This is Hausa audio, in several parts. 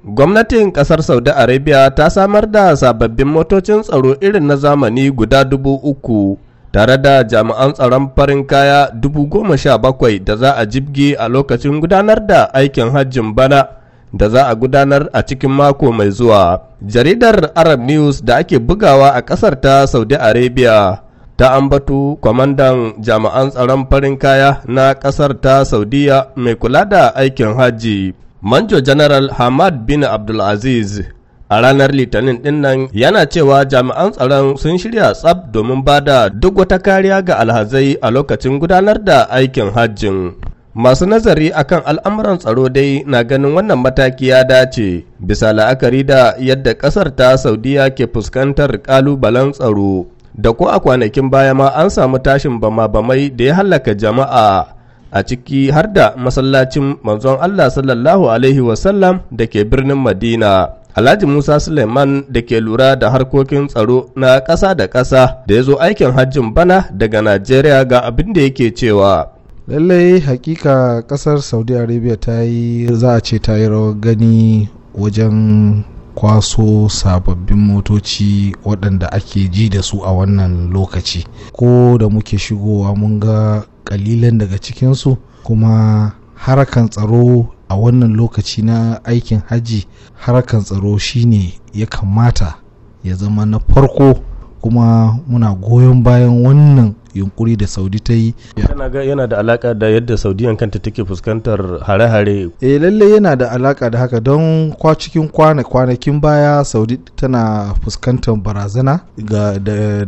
Gwamnatin ƙasar Saudi Arabia ta samar da sababbin motocin tsaro irin na zamani guda dubu uku tare da jami'an tsaron farin kaya dubu goma sha bakwai da za a jibgi a lokacin gudanar da aikin hajjin bana da za a gudanar a cikin mako mai zuwa. Jaridar Arab News da ake bugawa a ƙasar ta Saudi Arabia. ta ambatu kwamandan jami'an tsaron farin kaya na ƙasar ta saudiya mai kula da aikin hajji Manjo General Hamad bin Abdulaziz a ranar Litinin dinnan yana cewa jami'an tsaron sun shirya tsab domin ba da duk wata kariya ga alhazai a lokacin gudanar da aikin hajjin. Masu nazari akan al'amuran tsaro dai na ganin wannan mataki ya dace, bisa la'akari da yadda ƙasar ta Saudiya ke fuskantar ƙalubalen tsaro, da ko a kwanakin baya ma an samu tashin bama-bamai da ya hallaka jama'a. a ciki har da masallacin manzon Allah sallallahu Alaihi wasallam da ke birnin Madina. Alhaji Musa Suleiman da ke lura da harkokin tsaro na ƙasa da ƙasa da ya zo aikin hajjin bana daga Najeriya ga abin da yake cewa. Lallai hakika ƙasar Saudi Arabia ta yi za a ce ta yi rawar gani wajen kwaso sababbin motoci waɗanda ake ji da su a wannan lokaci ko da muke shigowa mun ga ƙalilan daga cikinsu kuma harakan tsaro a wannan lokaci na aikin hajji harakan tsaro shine ya kamata ya zama na farko kuma muna goyon bayan wannan yunkuri da saudi ta yi yana da alaka da yadda saudiyan kanta take fuskantar hare-hare eh lalle yana da alaka da haka don kwa cikin kwanakin baya saudi tana fuskantar barazana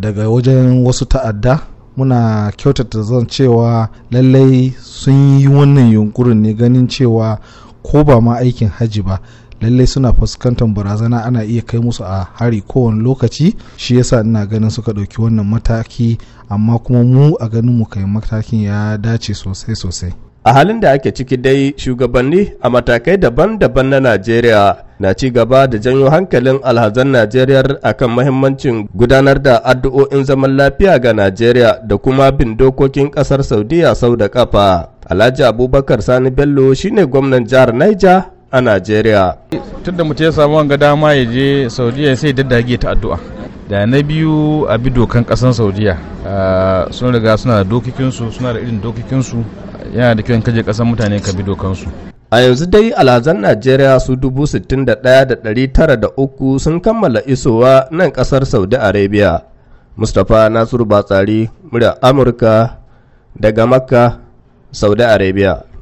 daga wajen wasu ta'adda muna kyautata zan cewa lallai sun yi wannan yunkurin ne ganin cewa ko ba ma aikin haji ba lallai suna fuskantar barazana ana iya kai musu a hari kowane lokaci shi yasa ina ganin suka ɗauki wannan mataki amma kuma mu a ganin mu kai matakin ya dace sosai sosai a halin da ake ciki dai shugabanni a matakai daban-daban na najeriya na ci gaba da janyo hankalin alhazan najeriya akan mahimmancin gudanar da addu'o'in zaman lafiya ga najeriya da kuma bin dokokin kasar saudiya sau da kafa alhaji abubakar sani bello shine gwamnan jihar niger a Najeriya. Tun da mutum ya samu wanga dama ya je Saudiya sai dage ta addu'a. Da na biyu a bi dokan kasan Saudiya sun riga suna da dokokinsu suna da irin dokokinsu yana da kyau kaje kasan mutane ka bi dokansu. A yanzu dai alhazan Najeriya su dubu sittin da ɗaya da ɗari tara da uku sun kammala isowa nan ƙasar Saudi Arabia. Mustapha Nasiru Batsari, murya Amurka daga Makka, Saudi Arabia.